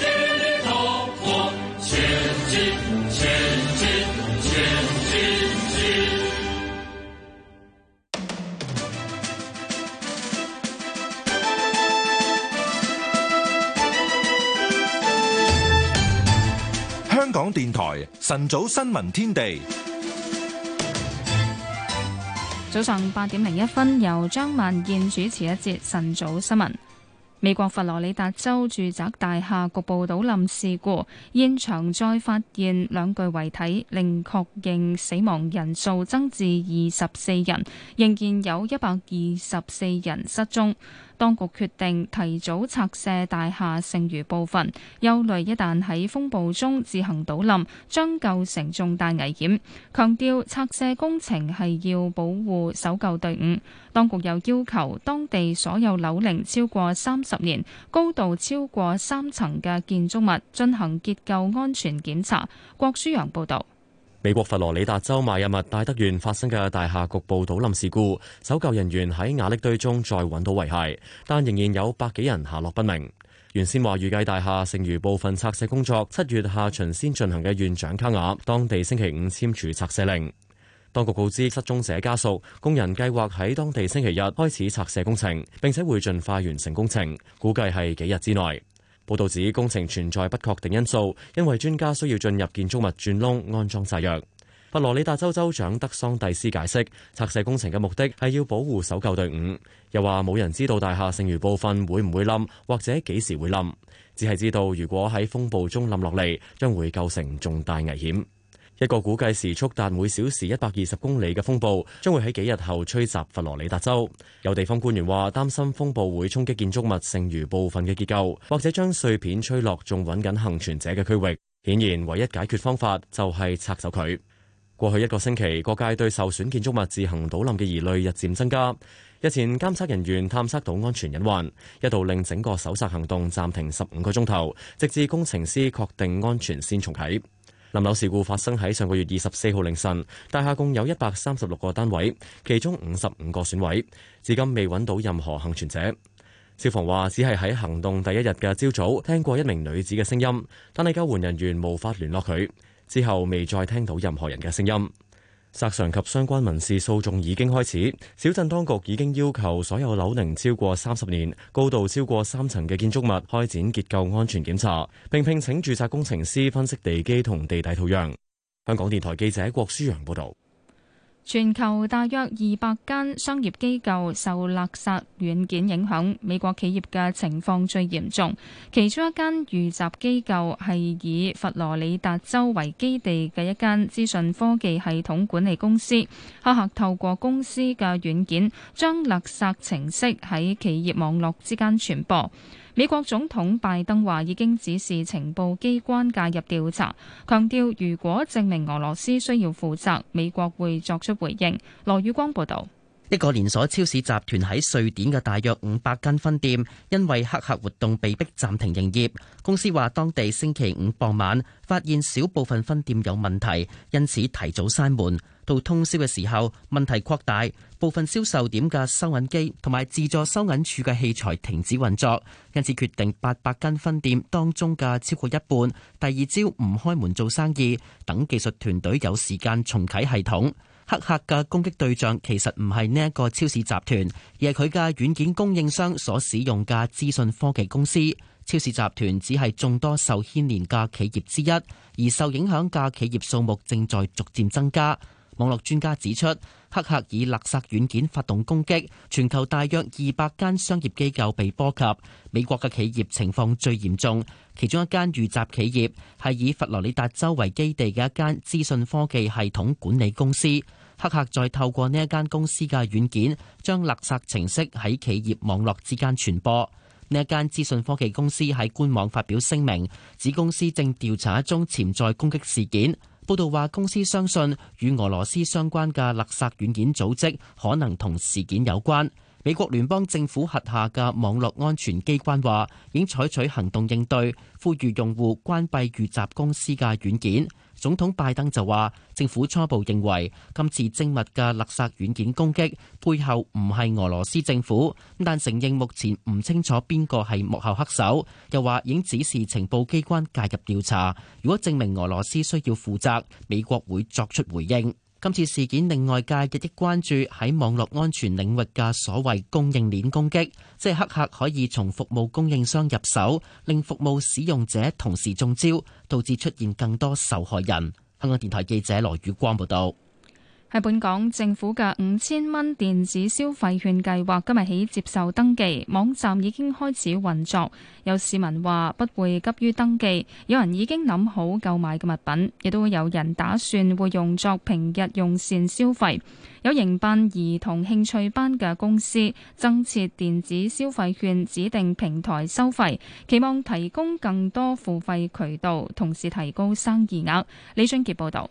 低頭，前進，前進，前進進。香港電台晨早新聞天地，早上八點零一分，由張萬健主持一節晨早新聞。美國佛羅里達州住宅大廈局部倒冧事故現場再發現兩具遺體，令確認死亡人數增至二十四人，仍然有一百二十四人失蹤。當局決定提早拆卸大廈剩餘部分，憂慮一旦喺風暴中自行倒冧，將構成重大危險。強調拆卸工程係要保護搜救隊伍。當局又要求當地所有樓齡超過三十年、高度超過三層嘅建築物進行結構安全檢查。郭舒陽報導。美國佛羅里達州邁阿密戴德縣發生嘅大廈局部倒冧事故，搜救人員喺瓦礫堆中再揾到遺骸，但仍然有百幾人下落不明。原先話預計大廈剩餘部分拆卸工作七月下旬先進行嘅縣長卡瓦，當地星期五簽署拆卸令。當局告知失蹤者家屬，工人計劃喺當地星期日開始拆卸工程，並且會盡快完成工程，估計係幾日之內。報道指工程存在不確定因素，因為專家需要進入建築物鑽窿安裝炸藥。佛羅里達州州長德桑蒂斯解釋拆卸工程嘅目的係要保護搜救隊伍，又話冇人知道大廈剩餘部分會唔會冧或者幾時會冧，只係知道如果喺風暴中冧落嚟，將會構成重大危險。一個估計時速達每小時一百二十公里嘅風暴，將會喺幾日後吹襲佛羅里達州。有地方官員話，擔心風暴會衝擊建築物剩餘部分嘅結構，或者將碎片吹落，仲揾緊幸存者嘅區域。顯然，唯一解決方法就係拆走佢。過去一個星期，各界對受損建築物自行倒冧嘅疑慮日漸增加。日前，監測人員探測到安全隱患，一度令整個搜查行動暫停十五個鐘頭，直至工程師確定安全先重啟。冧樓事故發生喺上個月二十四號凌晨，大廈共有一百三十六個單位，其中五十五個損毀，至今未揾到任何幸存者。消防話只係喺行動第一日嘅朝早聽過一名女子嘅聲音，但係救援人員無法聯絡佢，之後未再聽到任何人嘅聲音。索償及相關民事訴訟已經開始。小鎮當局已經要求所有樓齡超過三十年、高度超過三層嘅建築物開展結構安全檢查，並聘請註冊工程師分析地基同地底土壤。香港電台記者郭舒揚報導。全球大約二百間商業機構受勒索軟件影響，美國企業嘅情況最嚴重。其中一間遇襲機構係以佛羅里達州為基地嘅一間資訊科技系統管理公司，黑客，客透過公司嘅軟件將勒索程式喺企業網絡之間傳播。美國總統拜登話已經指示情報機關介入調查，強調如果證明俄羅斯需要負責，美國會作出回應。羅宇光報道。一個連鎖超市集團喺瑞典嘅大約五百間分店，因為黑客活動被迫暫停營業。公司話，當地星期五傍晚發現小部分分店有問題，因此提早閂門。到通宵嘅時候，問題擴大，部分銷售點嘅收銀機同埋自助收銀處嘅器材停止運作，因此決定八百間分店當中嘅超過一半，第二朝唔開門做生意，等技術團隊有時間重啟系統。黑客嘅攻擊對象其實唔係呢一個超市集團，而係佢嘅軟件供應商所使用嘅資訊科技公司。超市集團只係眾多受牽連嘅企業之一，而受影響嘅企業數目正在逐漸增加。網絡專家指出，黑客以勒索軟件發動攻擊，全球大約二百間商業機構被波及。美國嘅企業情況最嚴重，其中一間遇襲企業係以佛羅里達州為基地嘅一間資訊科技系統管理公司。黑客再透過呢一間公司嘅軟件，將勒索程式喺企業網絡之間傳播。呢一間資訊科技公司喺官網發表聲明，指公司正調查一宗潛在攻擊事件。報道話公司相信與俄羅斯相關嘅勒索軟件組織可能同事件有關。美國聯邦政府轄下嘅網絡安全機關話，已經採取行動應對，呼籲用戶關閉遇襲公司嘅軟件。總統拜登就話，政府初步認為今次精密嘅勒索軟件攻擊背後唔係俄羅斯政府，但承認目前唔清楚邊個係幕後黑手，又話已經指示情報機關介入調查。如果證明俄羅斯需要負責，美國會作出回應。今次事件令外界日益關注喺網絡安全領域嘅所謂供應鏈攻擊，即係黑客可以從服務供應商入手，令服務使用者同時中招，導致出現更多受害人。香港電台記者羅宇光報道。喺本港，政府嘅五千蚊電子消費券計劃今日起接受登記網站已經開始運作。有市民話不會急於登記，有人已經諗好購買嘅物品，亦都會有人打算會用作平日用膳消費。有營辦兒童興趣班嘅公司增設電子消費券指定平台收費，期望提供更多付費渠道，同時提高生意額。李俊杰報道。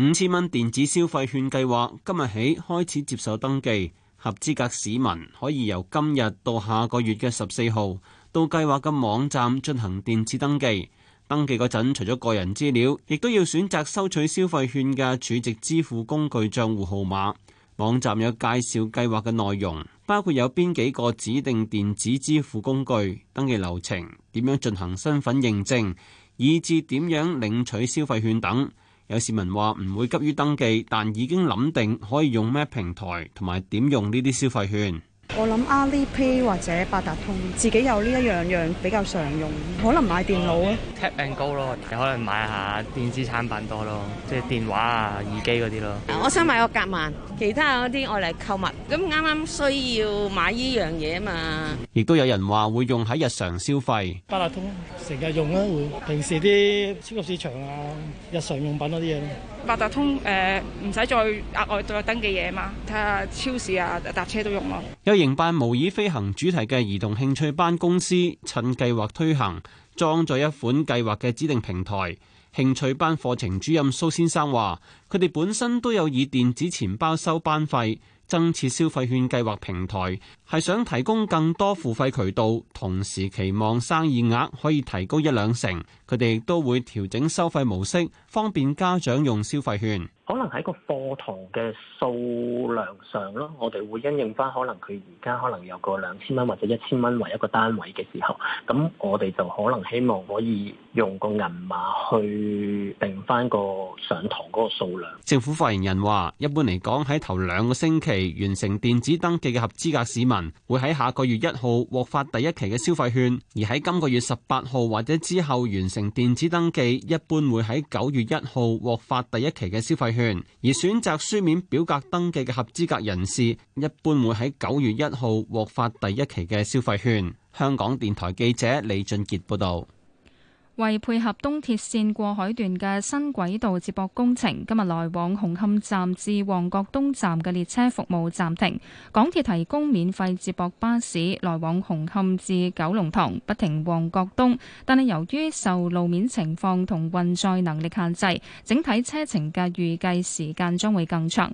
五千蚊電子消費券計劃今日起開始接受登記，合資格市民可以由今日到下個月嘅十四號到計劃嘅網站進行電子登記。登記嗰陣，除咗個人資料，亦都要選擇收取消費券嘅儲值支付工具帳戶號碼。網站有介紹計劃嘅內容，包括有邊幾個指定電子支付工具、登記流程、點樣進行身份認證，以至點樣領取消費券等。有市民話唔會急於登記，但已經諗定可以用咩平台同埋點用呢啲消費券。我諗 Alipay 或者八達通，自己有呢一樣樣比較常用，可能買電腦啊、uh，Tap and Go 咯，可能買下電子產品多咯，即係電話啊、耳機嗰啲咯。我想買個夾萬，其他嗰啲我嚟購物，咁啱啱需要買呢樣嘢啊嘛。亦都有人話會用喺日常消費，八達通成日用啊，會平時啲超級市場啊、日常用品嗰啲嘢。八達通誒唔使再額外再登記嘢嘛，睇下超市啊搭車都用咯。有營辦模擬飛行主題嘅兒童興趣班公司，趁計劃推行，裝咗一款計劃嘅指定平台。興趣班課程主任蘇先生話：佢哋本身都有以電子錢包收班費。增設消費券計劃平台，係想提供更多付費渠道，同時期望生意額可以提高一兩成。佢哋亦都會調整收費模式，方便家長用消費券。可能喺個課堂嘅數量上咯，我哋會因應翻，可能佢而家可能有個兩千蚊或者一千蚊為一個單位嘅時候，咁我哋就可能希望可以用個銀碼去定翻個上堂嗰個數量。政府發言人話一般嚟講，喺頭兩個星期完成電子登記嘅合資格市民，會喺下個月一號獲發第一期嘅消費券，而喺今個月十八號或者之後完成電子登記一般會喺九月一號獲發第一期嘅消費券。而選擇書面表格登記嘅合資格人士，一般會喺九月一號獲發第一期嘅消費券。香港電台記者李俊傑報道。為配合東鐵綫過海段嘅新軌道接駁工程，今日來往紅磡站至旺角東站嘅列車服務暫停。港鐵提供免費接駁巴士來往紅磡至九龍塘，不停旺角東，但係由於受路面情況同運載能力限制，整體車程嘅預計時間將會更長。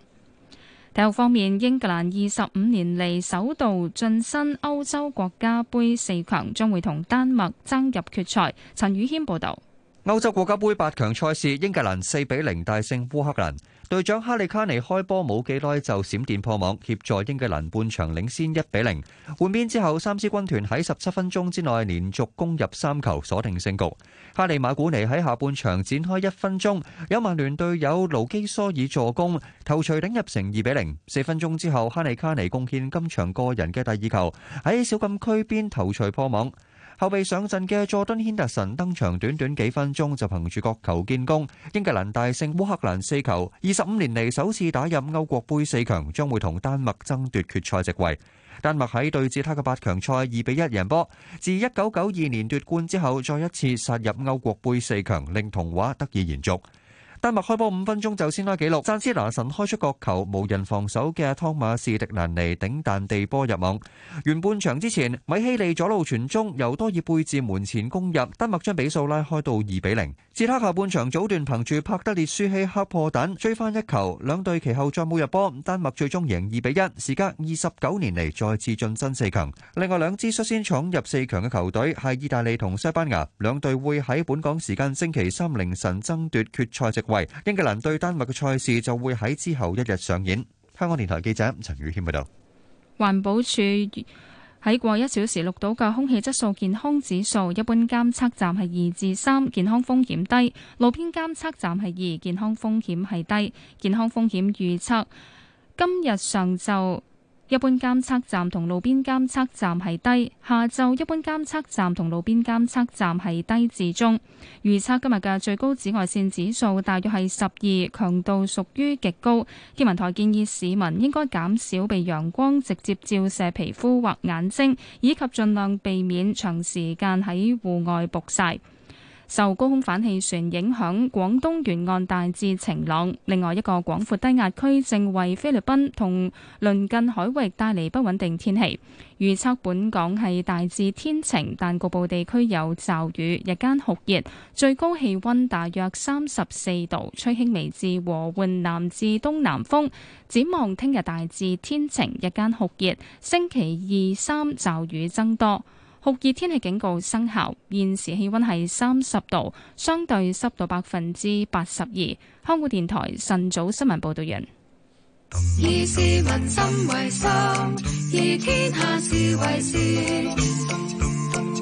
體育方面，英格蘭二十五年嚟首度晉身歐洲國家杯四強，將會同丹麥爭入決賽。陳宇謙報道。歐洲國家杯八強賽事，英格蘭四比零大勝烏克蘭。隊長哈利卡尼開波冇幾耐就閃電破網，協助英格蘭半場領先一比零。換邊之後，三支軍團喺十七分鐘之內連續攻入三球，鎖定勝局。哈利馬古尼喺下半場展開一分鐘，有曼聯隊友盧基索爾助攻，頭槌頂入成二比零。四分鐘之後，哈利卡尼貢獻今場個人嘅第二球，喺小禁區邊頭槌破網。後備上陣嘅佐敦軒達臣登場，短短幾分鐘就憑住角球建功，英格蘭大勝烏克蘭四球，二十五年嚟首次打入歐國盃四強，將會同丹麥爭奪決賽席位。丹麥喺對戰他嘅八強賽二比一贏波，自一九九二年奪冠之後，再一次殺入歐國盃四強，令童話得以延續。丹麥開波五分鐘就先拉紀錄，讚斯拿神開出角球，無人防守嘅湯馬士迪蘭尼頂彈地波入網。完半場之前，米希利左路傳中，由多爾貝治門前攻入，丹麥將比數拉開到二比零。捷克下半場早段憑住帕德列舒希克破蛋追翻一球，兩隊其後再冇入波，丹麥最終贏二比一，時隔二十九年嚟再次晉身四強。另外兩支率先闖入四強嘅球隊係意大利同西班牙，兩隊會喺本港時間星期三凌晨爭奪決賽席位。英格蘭對丹麥嘅賽事就會喺之後一日上演。香港電台記者陳宇謙報道。環保署喺過一小時錄到嘅空氣質素健康指數，一般監測站係二至三，健康風險低；路邊監測站係二，健康風險係低。健康風險預測今日上晝，一般監測站同路邊監測站係低，下晝一般監測站同路邊監測站係低至中。預測今日嘅最高紫外線指數大約係十二，強度屬於極高。天文台建議市民應該減少被陽光直接照射皮膚或眼睛，以及盡量避免長時間喺戶外曝曬。受高空反氣旋影響，廣東沿岸大致晴朗。另外一個廣闊低壓區正為菲律賓同鄰近海域帶嚟不穩定天氣。預測本港係大致天晴，但局部地區有驟雨，日間酷熱，最高氣温大約三十四度，吹輕微至和緩南至東南風。展望聽日大致天晴，日間酷熱，星期二、三驟雨增多。酷熱天氣警告生效，現時氣温係三十度，相對濕度百分之八十二。香港電台晨早新聞報道人。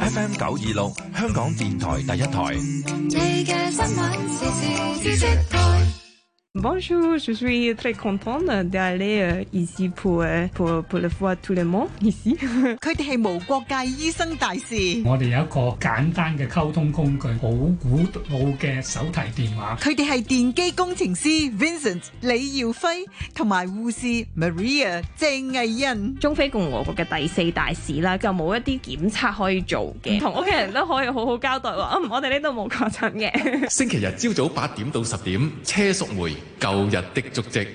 F.M. 九二六，香港電台第一台。佢哋係無國界醫生大使。我哋有一個簡單嘅溝通工具，好古老嘅手提電話。佢哋係電機工程師 Vincent 李耀輝同埋護士 Maria 鄭藝恩。中非共和國嘅第四大使啦，就冇一啲檢測可以做嘅，同屋企人都可以好好交代話，嗯，我哋呢度冇確診嘅。 星期日朝早八點到十點，車淑梅。舊日的足跡。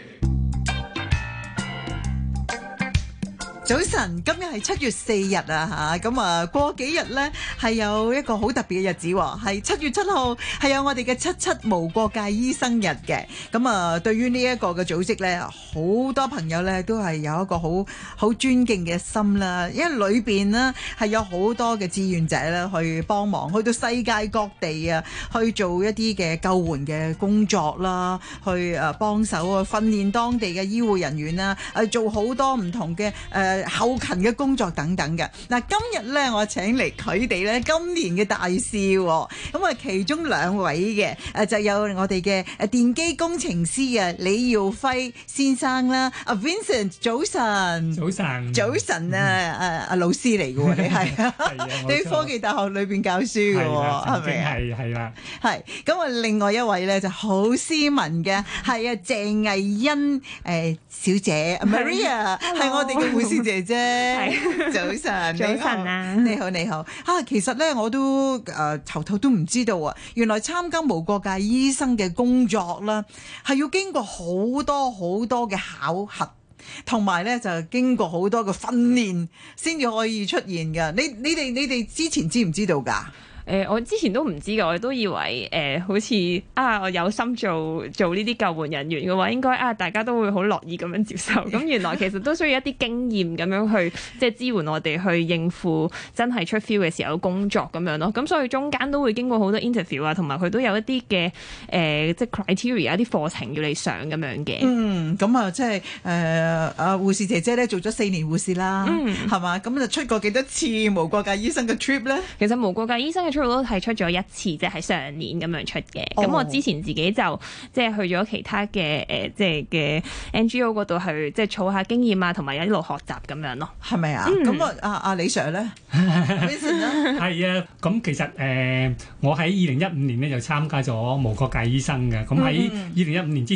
早晨，今日係七月四日啊。吓，咁啊，過幾日呢，係有一個好特別嘅日子，係七月七號，係有我哋嘅七七無國界醫生日嘅。咁啊，對於呢一個嘅組織呢，好多朋友呢都係有一個好好尊敬嘅心啦，因為裏邊呢，係有好多嘅志願者呢去幫忙，去到世界各地啊，去做一啲嘅救援嘅工作啦，去誒幫手啊，訓練當地嘅醫護人員啦，誒做好多唔同嘅誒。呃後勤嘅工作等等嘅嗱，今日咧我請嚟佢哋咧今年嘅大事，咁啊其中兩位嘅誒就有我哋嘅誒電機工程師啊李耀輝先生啦，阿 Vincent 早晨，早晨，早晨啊誒阿老師嚟嘅喎，係啊，喺科技大學裏邊教書嘅係咪啊？係係啦，係咁啊，另外一位咧就好斯文嘅係啊鄭藝欣誒小姐 Maria 係我哋嘅護士。姐姐，早晨， 早晨上啊你，你好，你好。啊，其實咧，我都誒、呃、頭頭都唔知道啊。原來參加無國界醫生嘅工作啦，係要經過好多好多嘅考核，同埋咧就經過好多嘅訓練，先至可以出現㗎。你你哋你哋之前知唔知道噶？誒、呃，我之前都唔知嘅，我都以為誒、呃，好似啊，我有心做做呢啲救援人員嘅話，應該啊，大家都會好樂意咁樣接受。咁原來其實都需要一啲經驗咁樣去，即係支援我哋去應付真係出 field 嘅時候工作咁樣咯。咁所以中間都會經過好多 interview 啊，同埋佢都有一啲嘅誒，即係 criteria，一啲課程要你上咁樣嘅。嗯，咁啊、就是，即係誒啊，護士姐姐咧做咗四年護士啦，係嘛、嗯？咁就出過幾多次無國界醫生嘅 trip 咧？其實無國界醫生嘅都係出咗一次啫，喺上年咁樣出嘅。咁、oh, 我之前自己就即係去咗其他嘅誒，即係嘅 NGO 度去，即係儲下經驗啊，同埋一路學習咁樣咯，係咪啊？咁啊、嗯，啊阿李 Sir 咧，李 Sir 咧，係啊。咁其實誒、呃，我喺二零一五年咧就參加咗無國界醫生嘅。咁喺二零一五年之前。嗯